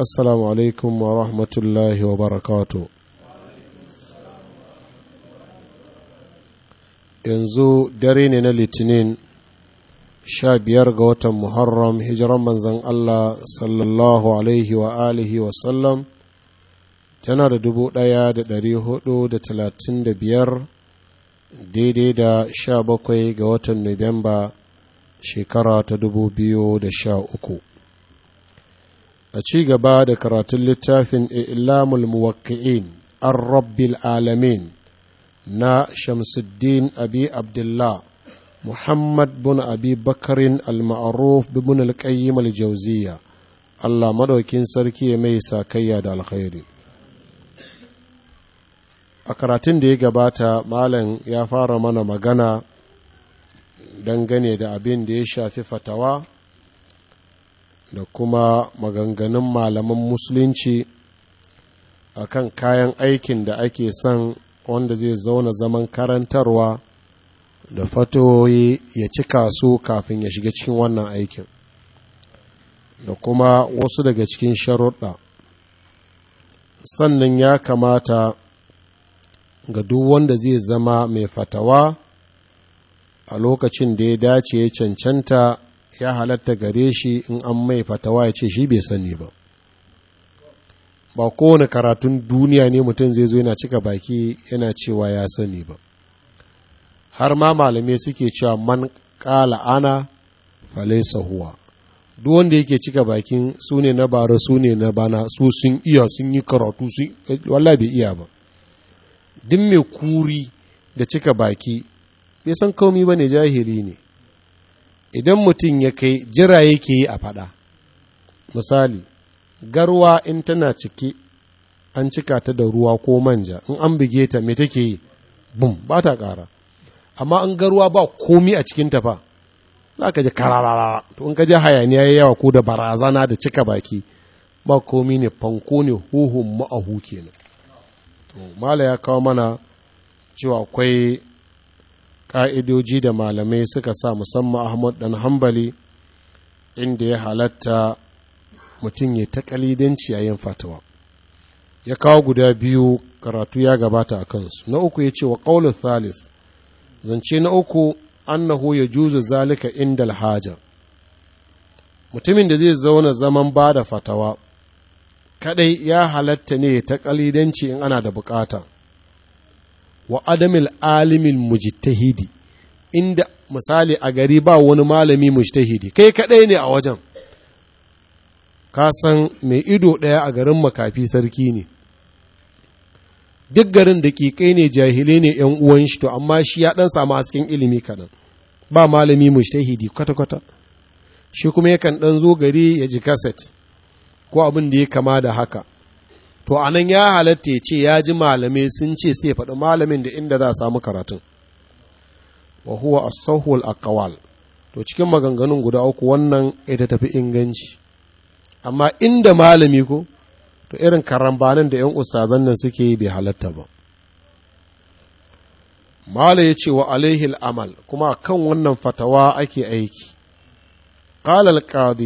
assalamu alaikum wa rahmatullahi wa barakatu yanzu dare ne na litinin sha biyar ga watan muharram hijiran manzan allah sallallahu alaihi wa alihi wa sallam tana da dubu ɗaya da dari hudu da talatin da biyar daidai da sha bakwai ga watan nuwamba shekara ta dubu biyu da sha uku a ci gaba da karatun littafin ilamul muwakki'in an rabbil alamin na shamsuddin abi abdullah muhammad bin abi bakarin al-ma'aruf bin al al allah madaukin sarki ya mai sakayya da alkhairi a karatun da ya gabata malam ya fara mana magana dangane da abin da ya shafi fatawa da kuma maganganun malaman musulunci a kan kayan aikin da ake son wanda zai zauna zaman karantarwa da fatoyi ya cika su kafin ya shiga cikin wannan aikin da kuma wasu daga cikin sharuɗa sannan ya kamata ga duk wanda zai zama mai fatawa a lokacin da ya dace ya cancanta ya halatta gare shi in an mai fatawa ya ce shi bai sani ba ba kowane karatun duniya ne mutum zai zo yana cika baki yana cewa ya sani ba har ma malamai suke cewa man kala ana falaisa huwa duk wanda yake cika bakin su ne na bara su ne na bana su sun iya sun yi karatu su wallah bai iya ba duk mai kuri da cika baki bai san kaumi ba ne jahili ne idan mutum ya kai jira yake yi a faɗa misali garwa in tana ciki an cika ta da ruwa ko manja in an buge ta me take yi bum ba ta ƙara amma an garwa ba komi a cikin ta fa za ka ji kararara to in ka ji hayaniya ya yawa ko da barazana da cika baki ba komi ne fanko ne huhun ma'ahu kenan to mala ya kawo mana cewa akwai ƙa'idoji da malamai suka sa musamman ahmad dan hambali inda ya halatta mutum ya ta kalidanci yayin fatawa ya kawo guda biyu karatu ya gabata a kansu na uku ya ce wa ƙaunar thalith zance na uku annahu ya juzu zalika inda alhaja mutumin da zai zauna zaman ba da fatawa kadai ya halatta ne ta kalidanci in ana da bukata wa adamil alimin mujtahidi inda misali a gari ba wani malami mujtahidi kai kadai ne a wajen ka san mai ido ɗaya a garin makafi sarki ne duk garin da kikai ne jahilai ne yan uwan shi to amma shi ya ɗan samu hasken ilimi kaɗan ba malami mujtahidi kwata-kwata shi kuma yakan ɗan zo gari ya ji kaset ko abin da ya kama da haka to anan ya halatta ya ce ya ji malamai sun ce sai faɗi malamin da inda za a samu karatun wa huwa as-sahul aqwal to cikin maganganun guda uku wannan ita tafi inganci amma inda malami ko to irin karambanin da yan ustazan nan suke yi bai halatta ba mala ya ce wa alaihil amal kuma kan wannan fatawa ake aiki qala al zakar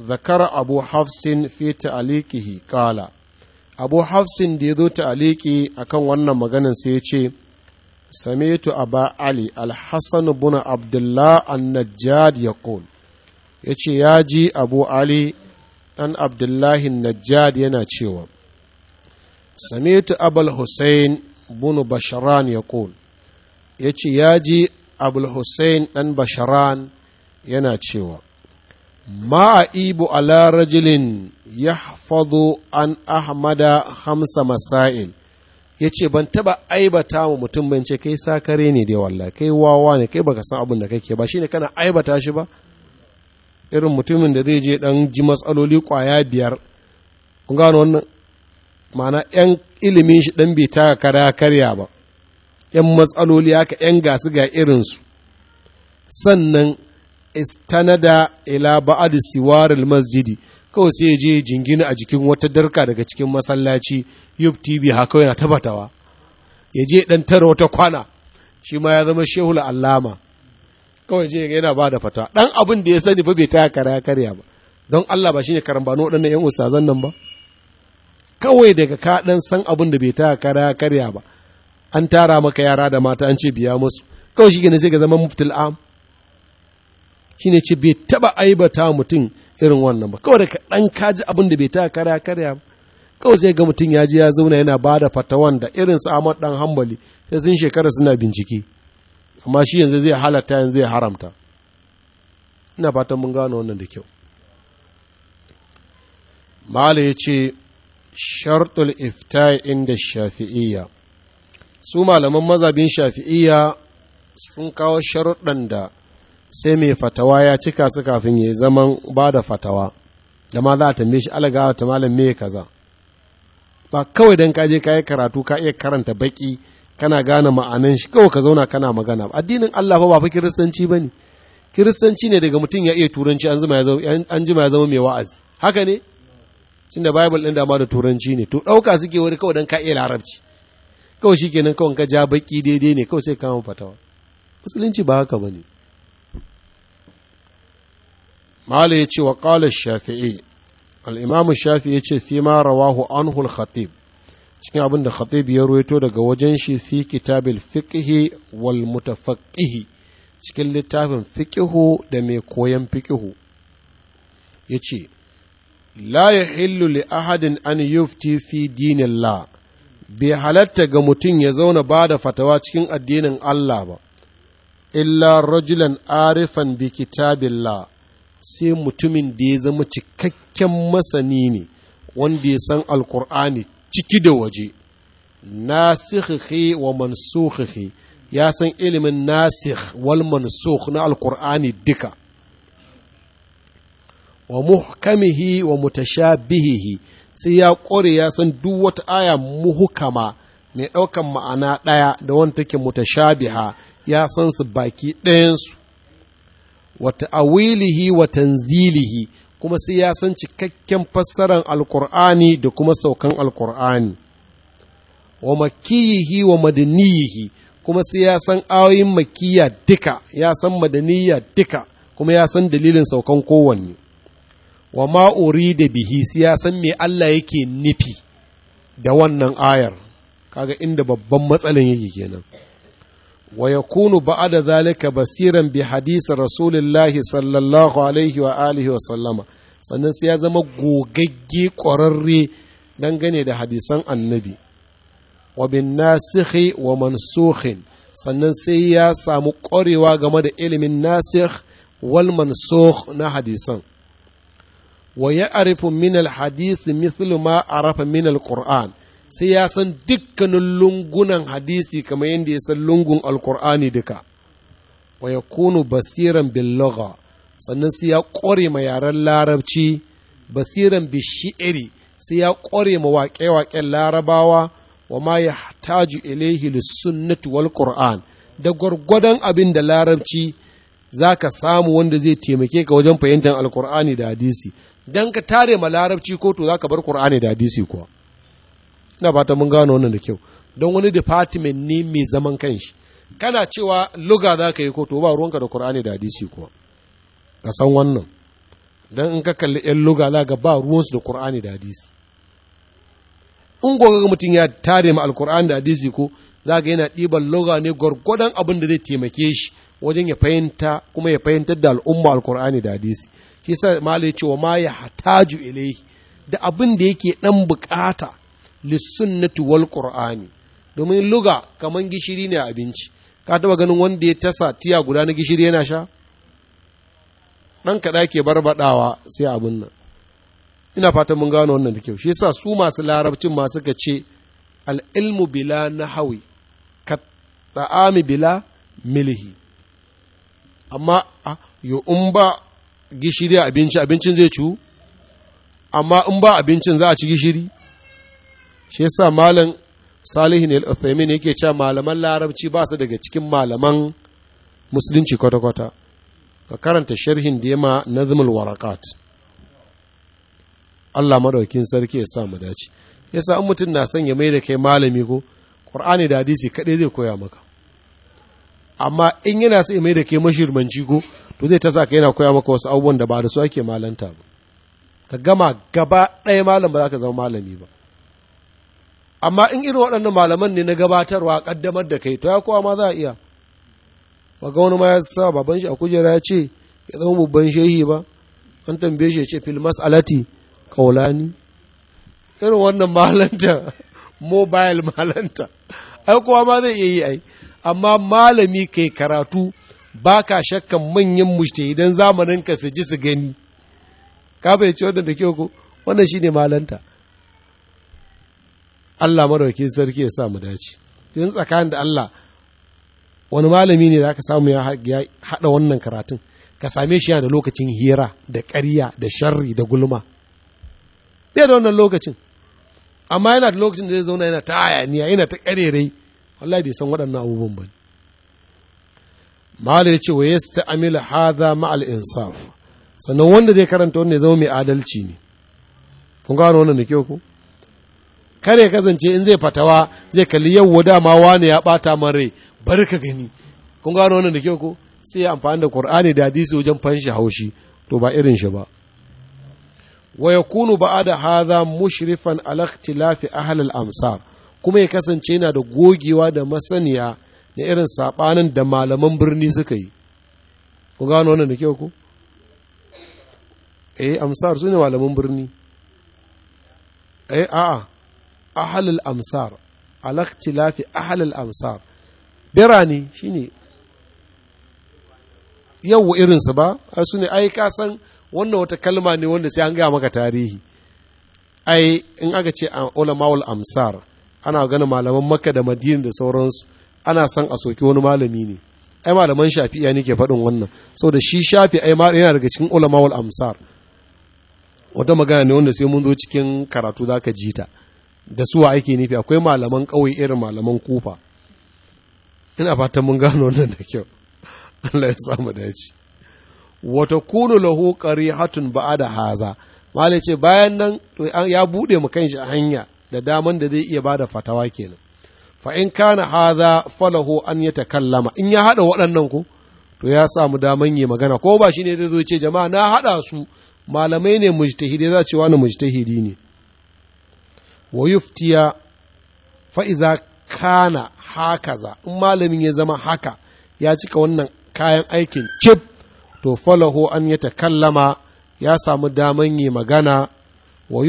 ذكر abu hafsin في تعليقه abu hafsin da ya zo ta aliki a kan wannan maganin sai ya ce samitu aba ali alhassan buna abdullah najjad ya ya ce ya ji abu ali ɗan abdullahi najjad yana cewa samitu abul hussein bunu basharan ya ya ce ya ji abul hussein ɗan basharan yana cewa ma'aibu ala rajulin ya an ahmada hamsa masail ya ce ban taba aibata wa mutum ban ce kai sakare ne dai walla kai wawa ne kai baka san abin da kake ba shine kana aibata shi ba irin mutumin da zai je dan ji matsaloli kwaya biyar kun gano wannan ma'ana yan ilimin shi dan bai taka kara karya ba yan matsaloli haka yan gasu ga irinsu sannan istanada ila ba'ad siwar masjidi kawai sai je jingina a jikin wata darka daga cikin masallaci yub tv haka yana tabatawa ya je dan tara wata kwana shi ma ya zama shehul allama kawai je yana ba da fata dan abin da ya sani ba bai ta kara karya ba don Allah ba shine karambano waɗannan yan ustazan nan ba kawai daga ka dan san abin da bai ta kara karya ba an tara maka yara da mata an ce biya musu kawai shi ne sai ka zama muftil am shine ce bai taba aibata mutum irin wannan ba kawai da kaɗan kaji abin da bai ta karya karya kawai sai ga mutum ya ji ya zauna yana ba da fatawan da irin su ɗan dan Hambali sai sun shekara suna bincike amma shi yanzu zai halatta yanzu zai haramta ina fatan mun gano wannan da kyau mala ya ce shartul iftai inda shafi'iyya su malaman mazabin shafi'iyya sun kawo sharuɗan da sai mai fatawa ya cika su kafin ya zaman ba da fatawa da ma za a tambaye shi alagawa ta malam me kaza ba kawai don kaje ka yi karatu ka iya karanta baki kana gane ma'anan shi kawai ka zauna kana magana addinin Allah fa ba fa kiristanci bane kiristanci ne daga mutum ya iya turanci an zuma ya zama an jima ya zama mai wa'azi haka ne tunda bible din da ma da turanci ne to dauka suke wani kawai don ka iya larabci kawai shikenan kawai ka ja baki daidai ne kawai sai ka fatawa musulunci ba haka bane Mali ya ce wa ƙala shafi'i al'imamu shafi'i ya ce fi ma rawahu anhul khatib cikin abin da khatib ya ruwaito daga wajen shi fi kitabil fiqhi wal mutafaqihi cikin littafin fiƙihu da mai koyan fiƙihu ya ce la yahillu li ahadin an yufti fi dinillah bai halatta ga mutum ya zauna ba da fatawa cikin addinin Allah ba illa rajulan arifan bi kitabillah sai mutumin da ya zama cikakken masani ne wanda ya san alkur'ani ciki da waje nasikhi wa mansukhi ya san ilimin nasikh wal mansukh na alkur'ani duka wa muhkamihi wa mutashabihihi sai ya ƙware ya san duk wata aya muhkama mai ɗaukan ma'ana ɗaya da wanda take mutashabiha ya san su baki ɗayansu wa ta'awilihi wa tanzilihi kuma sai ya san cikakken fassarar alkur'ani da kuma saukan alkur'ani wa makiyihi wa madaniyihi kuma sai ya san ayoyin makiya duka ya san duka kuma ya san dalilin saukan kowanne wa ma'uri da bihi sai ya san me Allah yake nufi da wannan ayar kaga inda babban matsalin yake kenan wa yakunu ba'da zalika basiran bi hadisi rasulillahi sallallahu alaihi wa wa sannan sai ya zama gogagge ƙwararre dangane da hadisan annabi wa bin nasikhi wa mansukhin sannan sai ya samu ƙwarewa game da ilimin nasikh wal mansukh na hadisan wa ya arifu min al hadisi mithlu ma arafa min al qur'an sai ya san dukkanin lungunan hadisi kamar yadda ya san lungun alkur'ani duka wa ya kunu basiran billaga sannan sai ya ƙware ma yaren larabci basiran bishi'iri sai ya ƙware ma waƙe-waƙen larabawa wa ma ya taju ilaihi lissunnati wal qur'an da gwargwadon abin da larabci za ka samu wanda zai taimake ka wajen fahimtar alkur'ani da hadisi don ka tare ma larabci ko to za ka bar kur'ani da hadisi kuwa ina fata mun gano wannan da kyau don wani department ne mai zaman kanshi kana cewa luga za ka yi ko to ba ruwanka da qur'ani da hadisi kuwa ka san wannan don in ka kalli yan luga za ga ba ruwansu da qur'ani da hadisi in goga mutum ya tare ma alqur'ani da hadisi ko za ga yana ɗiban luga ne gwargwadon abin da zai taimake shi wajen ya fahimta kuma ya fahimtar da al'umma alkur'ani da hadisi shi sa mala ya ma ya hataju ilai da abin da yake ɗan bukata lissunnatu wal qur'ani domin luga kaman gishiri ne abinci ka taba ganin wanda ya tasa tiya guda na gishiri yana sha dan kaɗa ke barbaɗawa sai abin nan ina fatan mun gano wannan da kyau shi yasa su masu larabcin ma suka ce al'ilmu bila na ka ta'ami bila milihi amma ah, yo in ba gishiri abinci abincin zai ciwo amma in ba abincin za a ci gishiri shi yasa malam salihin al-uthaymin yake cewa malaman larabci ba su daga cikin malaman musulunci kwata-kwata ka karanta sharhin da yama nazmul waraqat Allah madaukin sarki ya sa mu dace yasa in mutum na sanya mai da kai malami ko Qur'ani da hadisi kadai zai koya maka amma in yana so mai da kai mashirmanci ko to zai ta sa ka yana koya maka wasu abubuwan da ba da su ake malanta ba ka gama gaba ɗaya malam ba za ka zama malami ba amma in irin waɗannan malaman ne na gabatarwa ƙaddamar da kai to ya kowa ma za a iya ga wani ma ya sa baban shi a kujera ya ce ya zama babban shehi ba an tambaye shi ya ce fil mas'alati kaulani irin wannan malanta mobile malanta ai kowa ma zai iya yi ai amma malami kai karatu ba ka shakkan manyan idan zamanin ka su ji su gani ka ya ce da kyau ko wannan shine malanta Allah maraukin sarki ya sa mu dace in tsakanin da Allah wani malami ne za ka samu ya haɗa wannan karatun ka same shi yana da lokacin hira da ƙarya da sharri da gulma bai da wannan lokacin amma yana da lokacin da zai zauna yana ta hayaniya yana ta ƙarerai wallahi bai san waɗannan abubuwan ba malai ce wa yasta amil hadha ma'al insaf sannan wanda zai karanta wannan ya zama mai adalci ne kun gano wannan da kyau ko kare kasance in zai fatawa zai kalli yau dama wane ya bata man rai bari ka gani kun gano wannan da kyau ko sai ya amfani da qur'ani da hadisi wajen fanshi haushi to ba irin shi ba wa yakunu ba'da hadha mushrifan ala ikhtilafi ahli al-amsar kuma ya kasance yana da gogewa da masaniya na irin sabanin da malaman birni suka yi kun gano wannan da kyau ko eh amsar su ne malaman birni eh a'a ahalul amsar alaktilafi ahalul amsar birane shine wa irinsu ba a su ne ai ka san wannan wata kalma ne wanda sai an gaya maka tarihi ai in aka ce ulama'ul amsar ana gani malaman makka da madina da sauransu ana san a soki wani malami ne ai malaman shafi ne ke faɗin wannan saboda shi shafi ai ma yana daga cikin ulama'ul amsar wata magana ne wanda sai mun zo cikin karatu za ka ji ta da suwa ake nufi akwai malaman ƙauye irin malaman kufa ina fatan mun gano nan da kyau Allah ya samu dace wata kunu lahu qarihatun ba'da haza mala ce bayan nan ya bude mu kan shi a hanya da daman da zai iya bada fatawa kenan fa in kana haza falahu an yatakallama in ya hada waɗannan ko to ya samu daman yi magana ko ba shine zai zo ce jama'a na hada su malamai ne mujtahidi za ce wani mujtahidi ne wa fa'iza kana hakaza in malamin ya zama haka ya cika wannan kayan aikin chip to falahu an ya takallama ya samu daman yi magana wa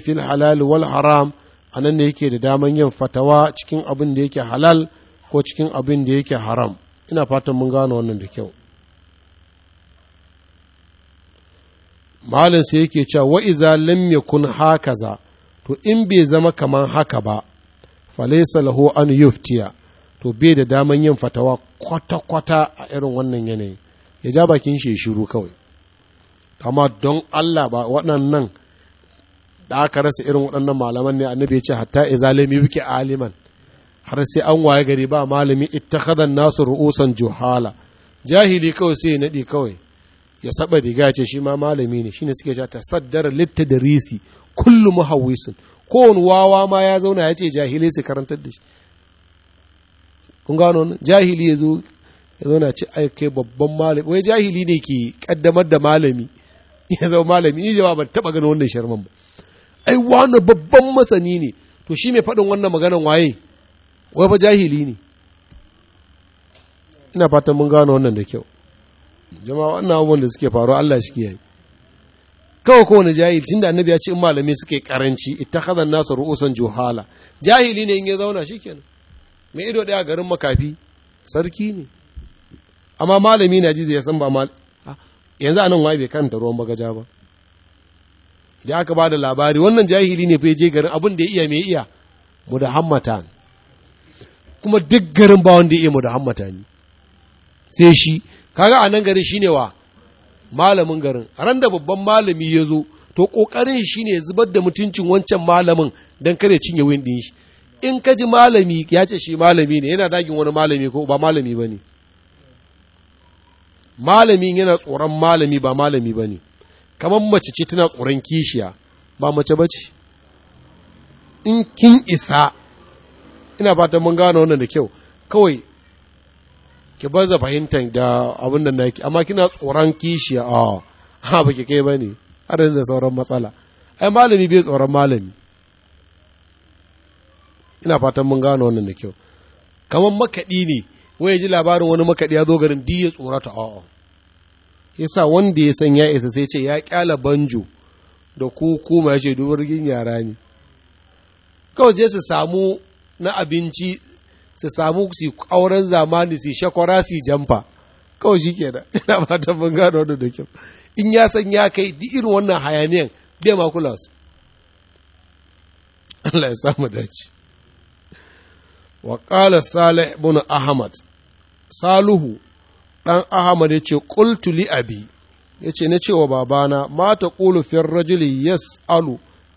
fil halal wal haram a nan da yake da daman yin fatawa cikin abin da yake halal ko cikin abin da yake haram ina fatan mun gane wannan da kyau malin sai yake cewa wa iza lam yakun hakaza to in bai zama kamar haka ba falaisa laho an yuftiya to bai da daman yin fatawa kwata-kwata a irin wannan yanayi ya ja bakin shi shiru kawai amma don Allah ba waɗannan da aka rasa irin waɗannan malaman ne annabi ya ce hatta izalimi wuke aliman har sai an waye gari ba malami ittakhadha nasu ru'usan juhala jahili kawai sai naɗi kawai ya saba riga ce shi ma malami ne shine suke cewa tasaddara littadarisi kullu muhawwisin kowane wawa ma ya zauna ya ce jahilai su karantar da shi kun gano jahili ya zo ya zauna ce ai kai babban malami wai jahili ne ke kaddamar da malami ya zama malami ni jama'a ban taba ganin wannan sharman ba ai wani babban masani ne to shi mai faɗin wannan maganan waye wai ba jahili ne ina fatan mun gano wannan da kyau jama'a wannan abubuwan da suke faruwa Allah shi kiyaye kawai kowane jahili tunda annabi ya ce in malami suke karanci ittakhadha an-nasu ru'usan juhala jahili ne in ya zauna shikenan mai ido daya garin makafi sarki ne amma malami na ji ya san ba mal yanzu anan wai bai kanta ruwan bagaja ba da aka ba da labari wannan jahili ne fa je garin abin da ya iya mai iya mu da hammata. kuma duk garin ba wanda ya iya mu da hammata ne. sai shi kaga anan garin shine wa malamin garin ran da babban malami ya zo to kokarin shi ne zubar da mutuncin wancan malamin don kare cinye win ɗin shi in ka ji malami ya ce shi malami ne yana zagin wani malami ko ba malami ba ne malamin yana tsoron malami ba malami ba ne kamar mace ce tana tsoron kishiya ba mace ba ce in kin isa ina fatan mun gano wannan da kyau kawai ki baza fahimtar da abin da naki amma kina tsoron kishiya a ha ba ki kai ba ne har yanzu sauran matsala ai malami bai tsoron malami ina fatan mun gano wannan da kyau kamar makaɗi ne wai ji labarin wani makaɗi ya zo garin di ya tsorata a'a yasa wanda ya san ya isa sai ce ya kyala banjo da kuma ya ce dubargin yara ne kawai je su samu na abinci su samu su auren zamani su shakwara su jamfa kawai shi ke da ina ba ta mun gano wani da kyau in ya san ya kai di irin wannan hayaniyan bai ma kula su Allah ya samu dace wa qala salih ibn ahmad saluhu dan ahmad yace qultu li abi ce na cewa babana ma ta qulu fi rajuli yas'alu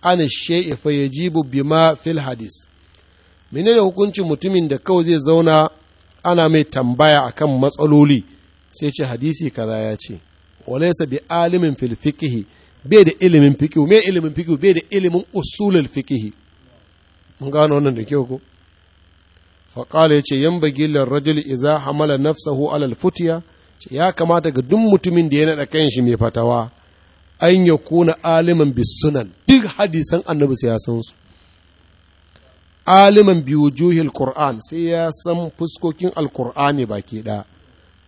an shay'i fa yajibu bima fil hadis menene hukuncin mutumin da kawai zai zauna ana mai tambaya a kan matsaloli sai ce hadisi kaza ya ce walaysa bi alimin fil bai da ilimin fikihu mai ilimin fikihu bai da ilimin usulul fikihi. mun gano wannan da kyau ko fa ya yace yan lir rajuli idza hamala nafsahu ala al futiya ya kamata ga duk mutumin da ya naɗa nada shi mai fatawa an yakuna kuna alimin bisunan duk hadisan annabi sai aliman biwujuhil qur'an sai ya san fuskokin alqur'ani baki da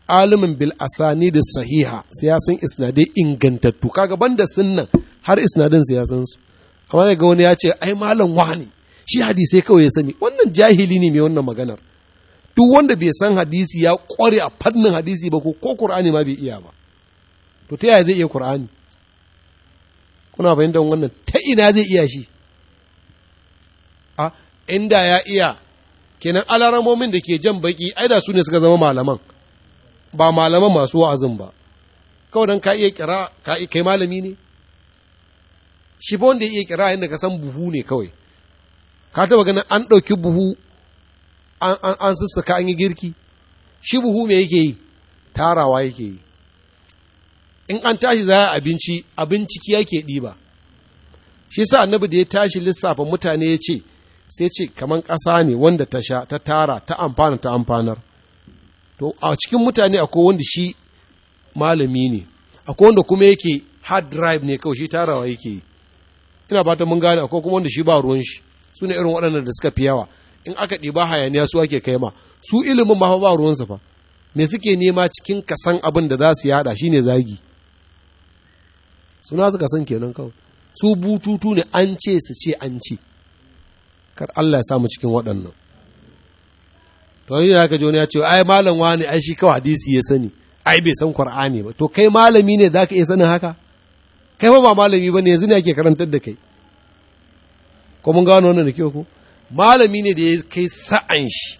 alimin bil asani da sahiha sai ya san isnadai ingantattu kaga banda sunnan har isnadin sai ya san su kamar ga wani ya ce ai malam wani shi hadisai kawai ya sani wannan jahili ne mai wannan maganar duk wanda bai san hadisi ya kware a fannin hadisi ba ko ko qur'ani ma bai iya ba to ta yaya zai iya qur'ani kuna bayan wannan ta ina zai iya shi inda ya iya kenan alaramomin da ke jan baki ai da su ne suka zama malaman ba malaman masu wa'azin ba kawai don ka iya kira ka kai malami ne shi ba wanda ya iya kira yadda ka san buhu ne kawai ka taba ganin an ɗauki buhu an an an sussuka an yi girki shi buhu me yake yi tarawa yake yi in an tashi za abinci abinci ki yake ɗiba shi sa annabi da ya tashi lissafa mutane ya ce sai ce kamar ƙasa ne wanda ta sha ta tara ta amfana ta amfanar to a cikin mutane akwai wanda shi malami ne akwai wanda kuma yake hard drive ne kawai shi tarawa yake yi ina ba ta mun gane akwai kuma wanda shi ba ruwan shi su ne irin waɗannan da suka fi yawa in aka ɗiba hayaniya su ake kai ma su ilimin ma ba ruwansa fa me suke nema cikin kasan abin da za su yada shi ne zagi suna suka san kenan kawai su bututu ne an ce su ce an ce kar Allah ya samu cikin waɗannan to yi da ji wani ya ce ai malam wani ai shi kawai hadisi ya sani ai bai san qur'ani ba to kai malami ne zaka iya sanin haka kai ba ba malami bane yanzu ne ake karantar da kai ko mun gano wannan da kyau ko malami ne da ya kai sa'an shi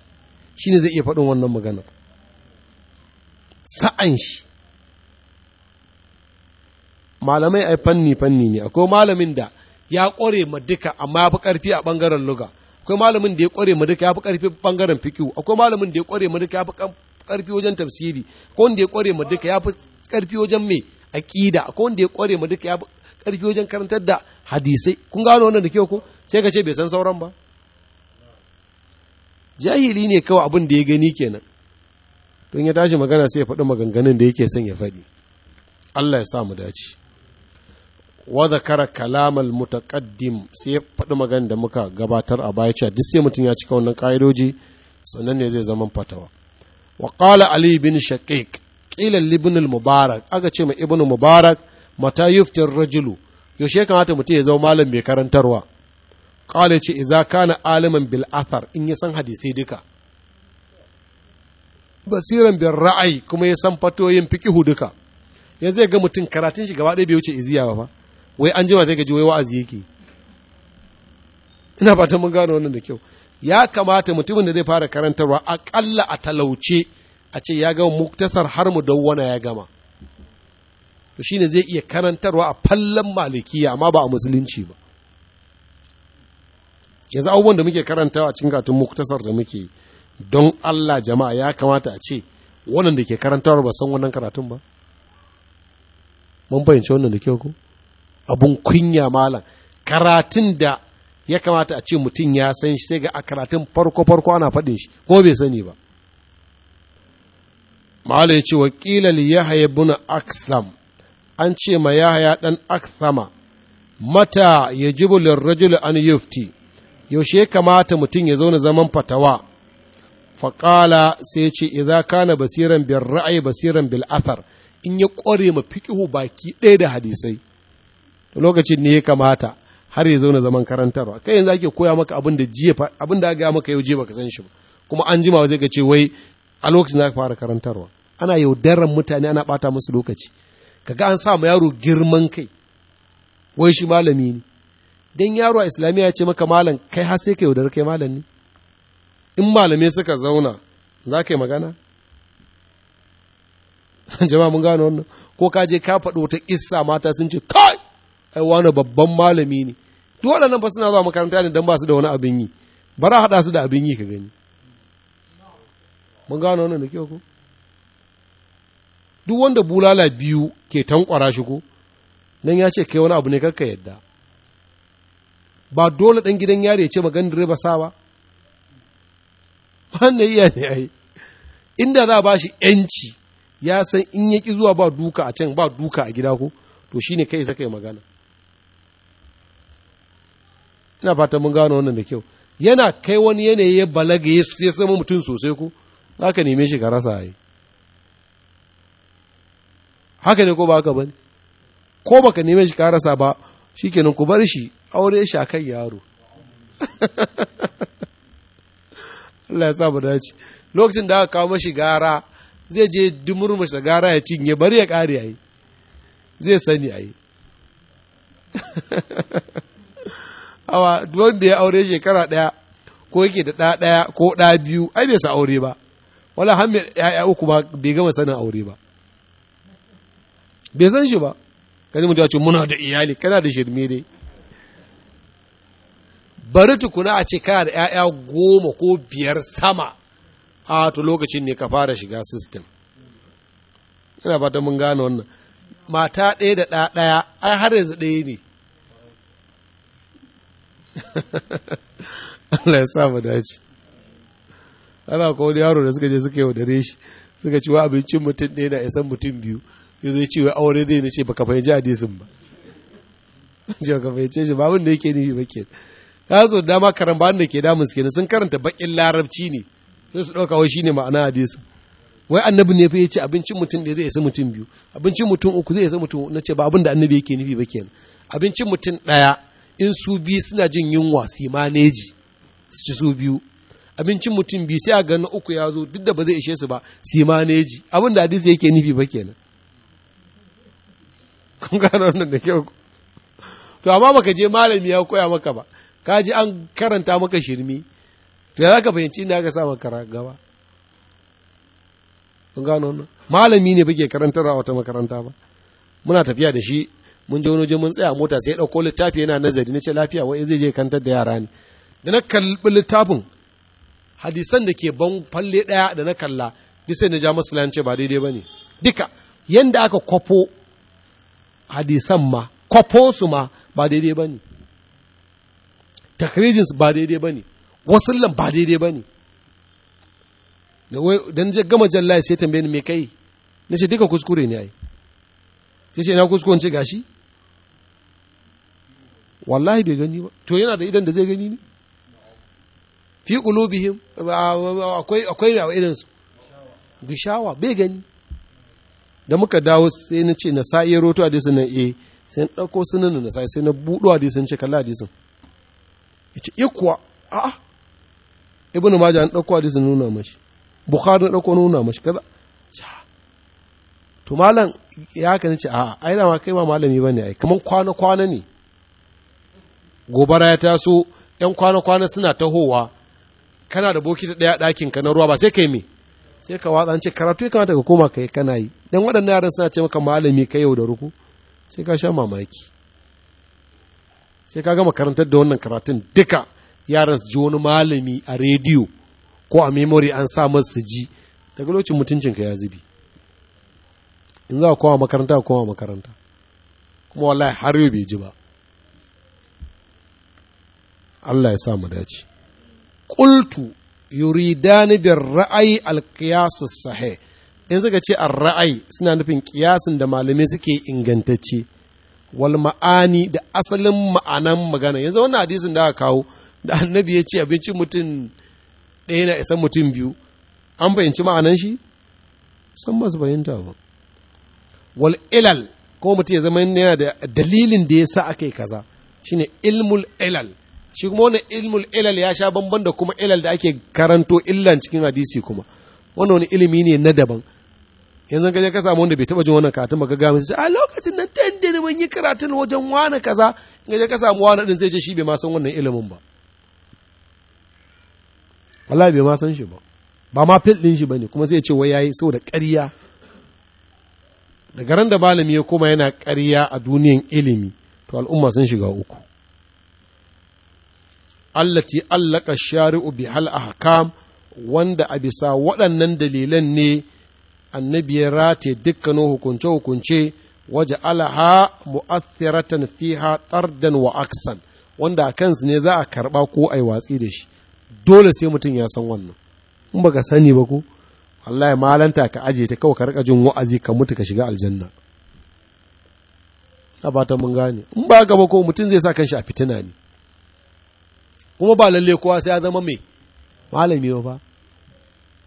shine zai iya faɗin wannan magana sa'an shi malamai ai fanni fanni ne akwai malamin da ya ƙware ma duka amma ya fi ƙarfi a ɓangaren luga akwai malamin da ya ƙware ma duka ya fi ƙarfi ɓangaren fikihu akwai malamin da ya ƙware ma duka ya fi ƙarfi wajen tafsiri akwai wanda ya ƙware ma duka ya fi ƙarfi wajen me aƙida akwai wanda ya ƙware ma duka ya fi ƙarfi wajen karantar da hadisai kun gano wannan da kyau ko sai ka ce bai san sauran ba jahili ne kawai abin da ya gani kenan don ya tashi magana sai ya faɗi maganganun da yake son ya faɗi Allah ya sa mu dace wa zakara kalamal mutaqaddim sai ya faɗi magana da muka gabatar a baya cewa duk sai mutum ya cika wannan ka'idoji sannan ne zai zama fatawa wa qala ali bin shaqiq qila ibn mubarak aka ce ma ibn mubarak mata ar rajulu yaushe kamata mutum ya zama malam mai karantarwa qala ce idza kana aliman bil athar in ya san hadisi duka basiran bil ra'ayi kuma ya san fatoyin fikihu duka yanzu ya ga mutum karatun shi gaba ɗaya bai wuce iziya ba wai an jima sai ka ji wai wa'azi yake ina fatan mun gano wannan da kyau ya kamata mutumin da zai fara karantarwa akalla a talauce a ce ya gama muktasar har mu dawwana ya gama to shine zai iya karantarwa a fallan malikiya amma ba a musulunci ba yanzu abubuwan da muke karantawa a cikin gatun muktasar da muke don Allah jama'a ya kamata a ce wannan da ke karantawa ba san wannan karatun ba mun fahimci wannan da kyau ko abun kunya malam karatun da ya kamata a ce mutum ya san shi sai ga a karatun farko farko ana faɗin shi ko bai sani ba malam ya ce wa yahya ibn aksam an ce ma yahya ɗan aksama mata ya yajibu lirrajul an yufti yaushe ya kamata mutum ya zauna zaman fatawa faƙala sai ce idza kana basiran bil ra'ayi basiran bil athar in ya ƙware ma fiqhu baki ɗaya da hadisai lokacin ne ya kamata har ya zauna zaman karantarwa kai yanzu ake koya maka abin da jiya abin da maka yau jiya baka san shi ba kuma an jima zai ka ce wai a lokacin ka fara karantarwa ana yaudaran mutane ana bata musu lokaci kaga an sa ma yaro girman kai wai shi malami ne dan yaro a islamiyya ya ce maka malam kai har sai ka yaudar kai malam ne in malamai suka zauna za ka yi magana jama'a mun gano wannan ko ka je ka faɗo ta issa mata sun ce kai ai wani babban malami ne duk waɗannan ba suna zuwa makaranta ne don ba su da wani abin yi bara haɗa su da abin yi ka gani mun gano wannan da kyau ko duk wanda bulala biyu ke tankwara shi ko nan ya ce kai wani abu ne karka yadda ba dole ɗan gidan yari ya ce magan direba sa ba wannan iya ne ai inda za a ba shi ‘yanci ya san in ya ƙi zuwa ba duka a can ba duka a gida ko to shi ne kai sa yi magana ina fata mun gano wannan da kyau yana kai wani yanayi ya balaga ya sama mutum sosai ko za ka neme shi ka rasa yi haka ne ko ba haka bane ko baka neme shi ka rasa ba shikenan ku bar shi aure shi akan yaro Allah ya sa mu dace lokacin da aka kawo mashi gara zai je dumurmusa gara ya cinye bari ya kare yayi zai sani ayi hawa wanda ya aure shekara ɗaya ko yake da ɗa ɗaya ko ɗa biyu ai bai sa aure ba wala har mai ya'ya uku ba bai gama sanin aure ba bai san shi ba kani mu ce muna da iyali kana da shirme dai bari tukuna a ce kana da ya'ya goma ko biyar sama a to lokacin ne ka fara shiga system ina fata mun gane wannan mata ɗaya da ɗa ɗaya ai har yanzu ɗaya ne Allah ya sa mu dace ana ko wani yaro da suka je suka yaudare shi suka ci wa abincin mutum ɗaya na isan mutum biyu ya zai ci wa aure zai na ce baka fahimci hadisin ba ce baka fahimce shi ba abin da yake nufi ba ke zo so dama karan da ke damun su sun karanta bakin larabci ne sai su ɗauka wai ne ma'ana hadisin wai annabi ne fa ya ce abincin mutum ɗaya zai isa mutum biyu abincin mutum uku zai isa mutum na ce ba abin da annabi yake nufi ba kenan abincin mutum ɗaya in su biyu suna jin yunwa su maneji su ci su biyu abincin mutum biyu sai a ga na uku ya zo duk da ba zai ishe su ba su maneji abin da hadisi yake nufi ba kenan kun gano wannan da kyau to amma baka je malami ya koya maka ba ka ji an karanta maka shirmi to ya zaka fahimci inda aka sa maka gaba kun gano wannan malami ne bake karantarwa wata makaranta ba muna tafiya da shi mun je wani waje mun tsaya mota sai ya ɗauko littafi yana nazari na ce lafiya wai zai je kantar da yara ne da na kalli littafin hadisan da ke ban falle ɗaya da na kalla duk sai na ja masu lance ba daidai ba ne duka yanda aka kwafo hadisan ma kwafo su ma ba daidai ba ne takrijinsu ba daidai ba ne lan ba daidai ba ne don je gama jalla sai tambaye ni me kai na ce duka kuskure ne ai sai ce na kuskuren ce gashi wallahi bai gani ba to yana da idan da zai gani ne fi qulubihim akwai akwai a irin su gishawa bai gani da muka dawo sai na ce na sa'i roto hadisin nan eh sai na dauko sunan na sa'i sai na budo hadisin ce kalla hadisin yace ikwa eh a ibnu majah an dauko hadisin nuna mashi bukhari na dauko nuna mashi kaza to malam ya haka ce a'a ai da ma kai ba malami bane ai kaman kwana kwana ne gobara ya taso ɗan kwana kwana-kwana suna tahowa kana da bokiti ɗaya ɗakin ka na ruwa ba sai kai me sai ka watsa ce karatu ya kamata ka koma kai kana yi dan waɗannan yaran suna ce maka malami kai yau da ruku sai ka sha mamaki sai ka gama karantar da wannan karatun duka yaran su ji wani malami a rediyo ko a memory an sa masu su ji daga lokacin mutuncinka ya zubi in za a koma makaranta a koma makaranta kuma wallahi har yau bai ji ba Allah ya sa mu dace qultu yuridani bir ra'ayi al qiyas sahih in suka ce ar ra'ayi suna nufin ƙiyasin da malamai suke ingantacce wal ma'ani da asalin ma'anan magana yanzu wannan hadisin da aka kawo da annabi ya ce abincin mutum ɗaya na isan mutum biyu an fahimci ma'anan shi san ba su fahimta ba wal ilal ko mutum ya zama yana da dalilin da ya sa aka yi kaza shine ilmul ilal shi kuma wani ilmul ilal ya sha bamban da kuma ilal da ake karanto illan cikin hadisi kuma wannan wani ilimi ne na daban yanzu ka je ka samu wanda bai taba jin wannan karatun ba ka sai a lokacin nan dan da mun yi karatun wajen wani kaza in je ka samu wani din sai ce shi bai ma san wannan ilimin ba wallahi bai ma san shi ba ba ma fil din shi bane kuma sai ya ce wai yayi saboda ƙarya daga ran da malami ya koma yana ƙarya a duniyan ilimi to al'umma sun shiga uku allati allaka shari'u bi hal ahkam wanda a bisa waɗannan dalilan ne annabi ya rataye dukkanin hukunce-hukunce waje alaha mu'athiratan fiha tardan wa aksan wanda a kansu ne za a karba ko ai watsi da shi dole sai mutum ya san wannan in baka sani ba ko wallahi malanta ka aje ta kawai ka rika jin wa'azi ka mutu ka shiga aljanna na ta mun gane in ba ko mutum zai sa kanshi a fitina ne kuma ba lalle kowa sai ya zama mai malami ba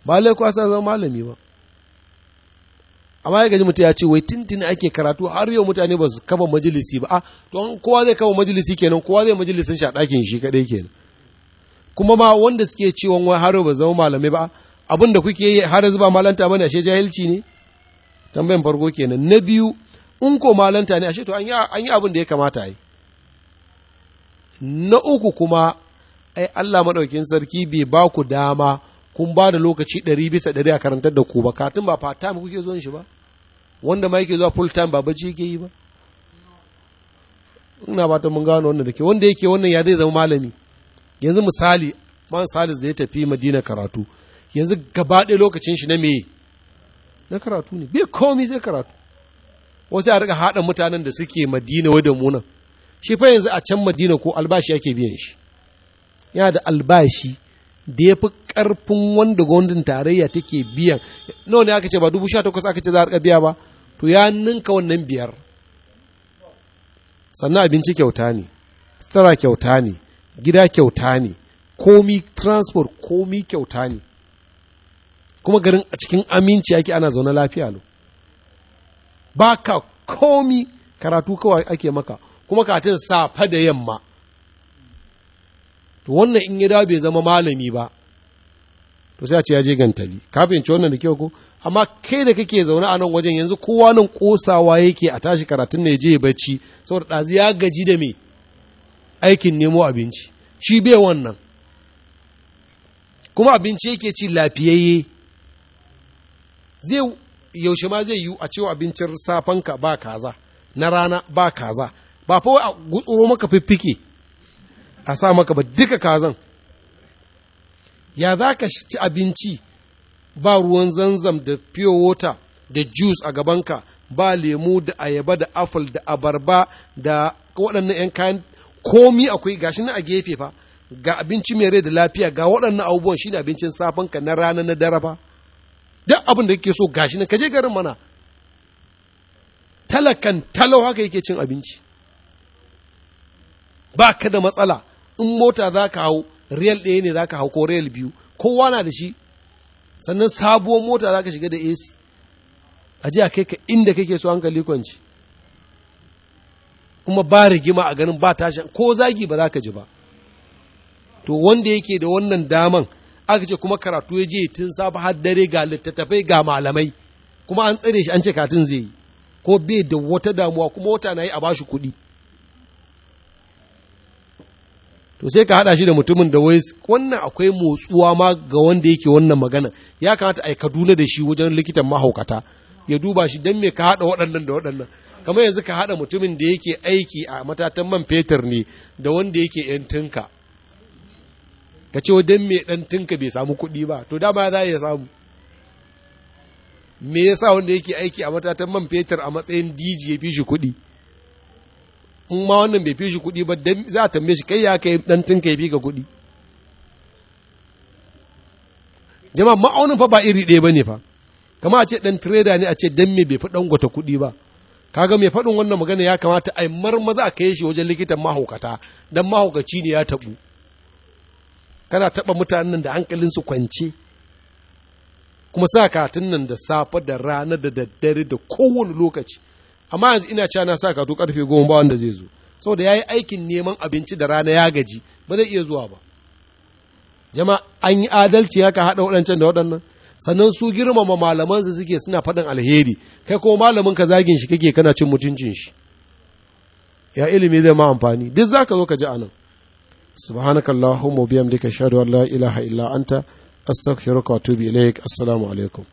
ba lalle kowa sai ya zama malami ba amma ya gaji mutum ya ce wai tintin ake karatu har yau mutane ba su kaba majalisi ba a ah, to kowa zai kaba majalisi kenan kowa zai majalisin shi a ɗakin shi kaɗai kenan kuma ma wanda suke ce wani har yau ba zama malami ba abin da kuke yi har yanzu ba malanta ne ashe jahilci ne tambayan farko kenan na biyu in ko malanta ne ashe to an yi abin da ya kamata yi na uku kuma ai Allah maɗaukin sarki bai ba ku dama kun ba da lokaci ɗari bisa ɗari a karantar da ku ba katin ba part time kuke zuwan shi ba wanda ma yake zuwa full time ba bacci yake yi ba ina ba ta mun gano wannan da ke wanda yake wannan ya zai zama malami yanzu misali man salis da ya tafi madina karatu yanzu gaba ɗaya lokacin shi na me na karatu ne bai komi sai karatu wasu a riga haɗa mutanen da suke madina wai da munan shi fa yanzu a can madina ko albashi ake biyan shi yana da albashi da ya fi ƙarfin wanda gwamnatin tarayya take biyan nawa ne aka ce ba dubu sha takwas aka ce za a biya ba to ya ninka wannan biyar sannan abinci kyauta ne tsara kyauta ne gida kyauta ne komi transport komi kyauta ne kuma garin a cikin aminci ake ana zaune lafiya lo ba ka komi karatu kawai ake maka kuma katin safa da yamma to wannan in ya dawo bai zama malami ba to sai a ce ya je gantali ka fahimci wannan da kyau ko amma kai da kake zaune a nan wajen yanzu kowa nan kosawa yake a tashi karatun ne je bacci saboda ɗazu ya gaji da mai aikin nemo abinci shi bai wannan kuma abinci yake ci lafiyayye zai yaushe ma zai yiwu a cewa abincin safanka ba kaza na rana ba kaza ba fa a gutsuro maka fiffike a sa maka ba duka kazan ya za ka ci abinci ba ruwan zanzam da pure water da juice a gabanka ba lemu da ayaba da apple da abarba da waɗannan 'yan kayan komi akwai gashi na a gefe fa ga abinci mai rai da lafiya ga waɗannan abubuwan shine abincin safanka na rana na dare fa duk abin da kake so gashi na kaje garin mana talakan talau haka yake cin abinci ba ka da matsala in mota za ka hau riyal ɗaya ne za ka hau ko real biyu kowa na da shi sannan sabuwar mota za ka shiga da ac a ji a kai ka inda kake so hankali kwanci kuma ba rigima a ganin ba tashi ko zagi ba za ka ji ba to wanda yake da wannan daman aka ce kuma karatu ya je tun safa har dare ga littattafai ga malamai kuma an tsare shi an ce katin zai yi ko bai da wata damuwa kuma wata na yi a bashi kuɗi to sai ka haɗa shi da mutumin da wai wannan akwai motsuwa ma ga wanda yake wannan magana ya kamata a kaduna da shi wajen likitan mahaukata ya duba shi don me ka haɗa waɗannan da waɗannan kamar yanzu ka haɗa mutumin da yake aiki a matatan man fetur ne da wanda yake yan tinka ka ce don me ɗan tinka bai samu kuɗi ba to dama za ya samu me yasa wanda yake aiki a matatan man fetur a matsayin DJ ya fi shi kuɗi in ma wannan bai fi shi kuɗi ba za a tambaye shi kai ya kai dan tun kai bi ga kuɗi jama ma'aunin fa ba iri ɗaya ba ne fa kama a ce dan tireda ne a ce dan me bai fi ɗan gwata kuɗi ba kaga mai faɗin wannan magana ya kamata a yi marmaza a kai shi wajen likitan mahaukata dan mahaukaci ne ya taɓu kana taɓa mutanen da hankalinsu kwance kuma sa katin nan da safe da rana da daddare da kowane lokaci amma yanzu ina cewa na sa to karfe goma ba wanda zai zo saboda ya yi aikin neman abinci da rana ya gaji ba zai iya zuwa ba jama an yi adalci haka haɗa waɗancan da waɗannan sannan su girmama malamansu suke suna faɗin alheri kai ko malamin ka zagin shi kake kana cin mutuncin shi ya ilimi zai ma amfani duk za zaka zo ka ji anan subhanakallahumma biyamdika shahadu an la ilaha illa anta astaghfiruka wa tubi ilaik assalamu alaikum